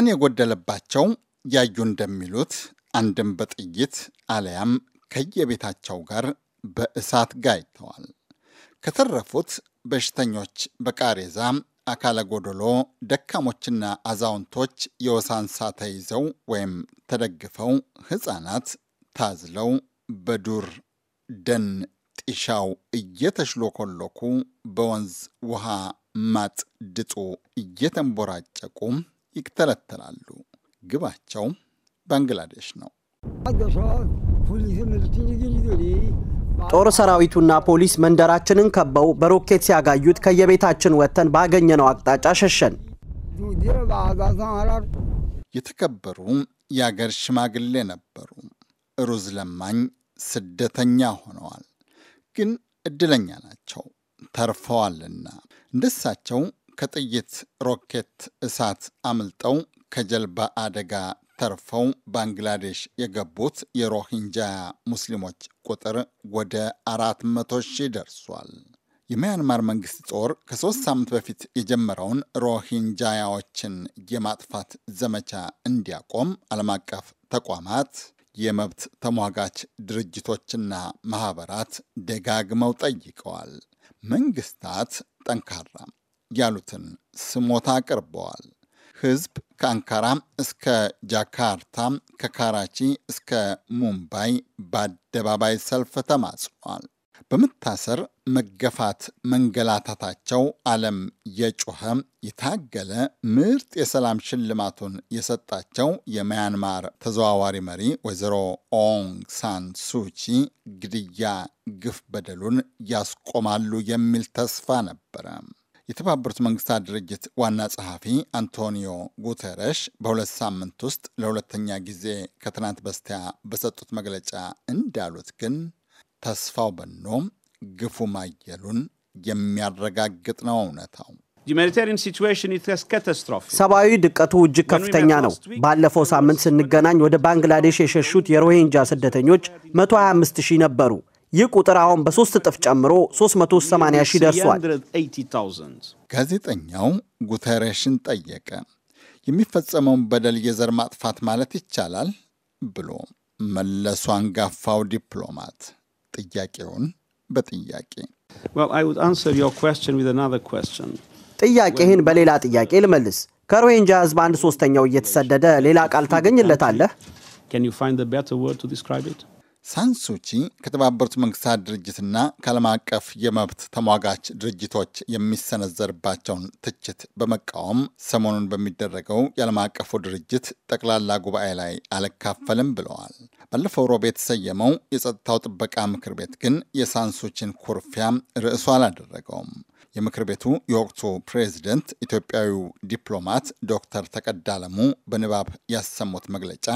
ቅን የጎደለባቸው ያዩ እንደሚሉት አንድም በጥይት አለያም ከየቤታቸው ጋር በእሳት ጋይተዋል። ከተረፉት በሽተኞች፣ በቃሬዛ፣ አካለ ጎዶሎ፣ ደካሞችና አዛውንቶች የወሳንሳ ተይዘው ወይም ተደግፈው፣ ሕፃናት ታዝለው በዱር ደን ጢሻው እየተሽሎኮሎኩ በወንዝ ውሃ ማጥ ድጡ እየተንቦራጨቁ ይቅተለተላሉ። ግባቸውም ባንግላዴሽ ነው። ጦር ሰራዊቱና ፖሊስ መንደራችንን ከበው በሮኬት ሲያጋዩት ከየቤታችን ወጥተን ባገኘነው አቅጣጫ ሸሸን። የተከበሩ የአገር ሽማግሌ ነበሩ። ሩዝ ለማኝ ስደተኛ ሆነዋል፣ ግን እድለኛ ናቸው ተርፈዋልና እንደሳቸው ከጥይት ሮኬት እሳት አምልጠው ከጀልባ አደጋ ተርፈው ባንግላዴሽ የገቡት የሮሂንጃ ሙስሊሞች ቁጥር ወደ አራት መቶ ሺህ ደርሷል። የሚያንማር መንግስት ጦር ከሶስት ሳምንት በፊት የጀመረውን ሮሂንጃያዎችን የማጥፋት ዘመቻ እንዲያቆም ዓለም አቀፍ ተቋማት፣ የመብት ተሟጋች ድርጅቶችና ማኅበራት ደጋግመው ጠይቀዋል። መንግስታት ጠንካራ ያሉትን ስሞታ አቅርበዋል። ህዝብ ከአንካራ እስከ ጃካርታ፣ ከካራቺ እስከ ሙምባይ በአደባባይ ሰልፍ ተማጽኗል። በመታሰር መገፋት፣ መንገላታታቸው ዓለም የጮኸ የታገለ ምርጥ የሰላም ሽልማቱን የሰጣቸው የሚያንማር ተዘዋዋሪ መሪ ወይዘሮ ኦንግ ሳን ሱቺ ግድያ፣ ግፍ በደሉን ያስቆማሉ የሚል ተስፋ ነበረ። የተባበሩት መንግስታት ድርጅት ዋና ጸሐፊ አንቶኒዮ ጉተረሽ በሁለት ሳምንት ውስጥ ለሁለተኛ ጊዜ ከትናንት በስቲያ በሰጡት መግለጫ እንዳሉት ግን ተስፋው በኖ ግፉ ማየሉን የሚያረጋግጥ ነው እውነታው። ሰብአዊ ድቀቱ እጅግ ከፍተኛ ነው። ባለፈው ሳምንት ስንገናኝ ወደ ባንግላዴሽ የሸሹት የሮሂንጃ ስደተኞች 125 ሺህ ነበሩ። ይህ ቁጥር አሁን በሶስት እጥፍ ጨምሮ 380 ሺህ ደርሷል። ጋዜጠኛው ጉተሬሽን ጠየቀ፣ የሚፈጸመውን በደል የዘር ማጥፋት ማለት ይቻላል ብሎ መለሱ። አንጋፋው ዲፕሎማት ጥያቄውን በጥያቄ ጥያቄህን በሌላ ጥያቄ ልመልስ። ከሮሂንጃ ህዝብ አንድ ሶስተኛው እየተሰደደ ሌላ ቃል ታገኝለታለህ? ሳንሱቺ ከተባበሩት መንግስታት ድርጅትና ከዓለም አቀፍ የመብት ተሟጋች ድርጅቶች የሚሰነዘርባቸውን ትችት በመቃወም ሰሞኑን በሚደረገው የዓለም አቀፉ ድርጅት ጠቅላላ ጉባኤ ላይ አልካፈልም ብለዋል። ባለፈው ሮብ የተሰየመው የጸጥታው ጥበቃ ምክር ቤት ግን የሳንሱቺን ኩርፊያ ርዕሱ አላደረገውም። የምክር ቤቱ የወቅቱ ፕሬዚደንት ኢትዮጵያዊው ዲፕሎማት ዶክተር ተቀዳ በንባብ ያሰሙት መግለጫ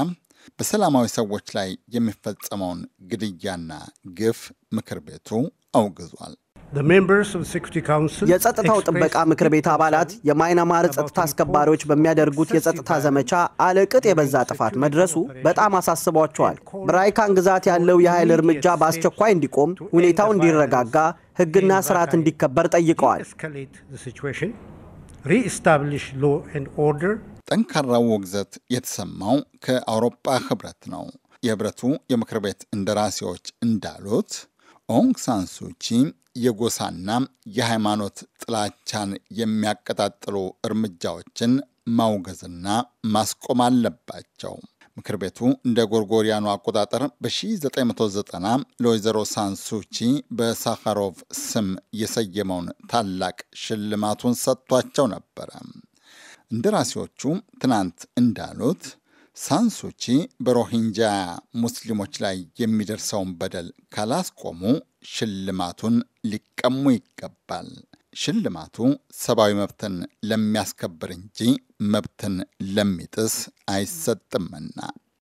በሰላማዊ ሰዎች ላይ የሚፈጸመውን ግድያና ግፍ ምክር ቤቱ አውግዟል። የጸጥታው ጥበቃ ምክር ቤት አባላት የማይናማር ጸጥታ አስከባሪዎች በሚያደርጉት የጸጥታ ዘመቻ አለቅጥ የበዛ ጥፋት መድረሱ በጣም አሳስቧቸዋል። ብራይካን ግዛት ያለው የኃይል እርምጃ በአስቸኳይ እንዲቆም፣ ሁኔታው እንዲረጋጋ፣ ሕግና ስርዓት እንዲከበር ጠይቀዋል። ጠንካራው ውግዘት የተሰማው ከአውሮፓ ህብረት ነው። የህብረቱ የምክር ቤት እንደራሴዎች እንዳሉት ኦንግ ሳን የጎሳና የሃይማኖት ጥላቻን የሚያቀጣጥሉ እርምጃዎችን ማውገዝና ማስቆም አለባቸው። ምክር ቤቱ እንደ ጎርጎሪያኑ አቆጣጠር በ1990 ለወይዘሮ ሳንሱቺ በሳኻሮቭ ስም የሰየመውን ታላቅ ሽልማቱን ሰጥቷቸው ነበረ። እንደራሴዎቹ ትናንት እንዳሉት ሳንሱቺ በሮሂንጃ ሙስሊሞች ላይ የሚደርሰውን በደል ካላስቆሙ ሽልማቱን ሊቀሙ ይገባል። ሽልማቱ ሰብአዊ መብትን ለሚያስከብር እንጂ መብትን ለሚጥስ አይሰጥምና።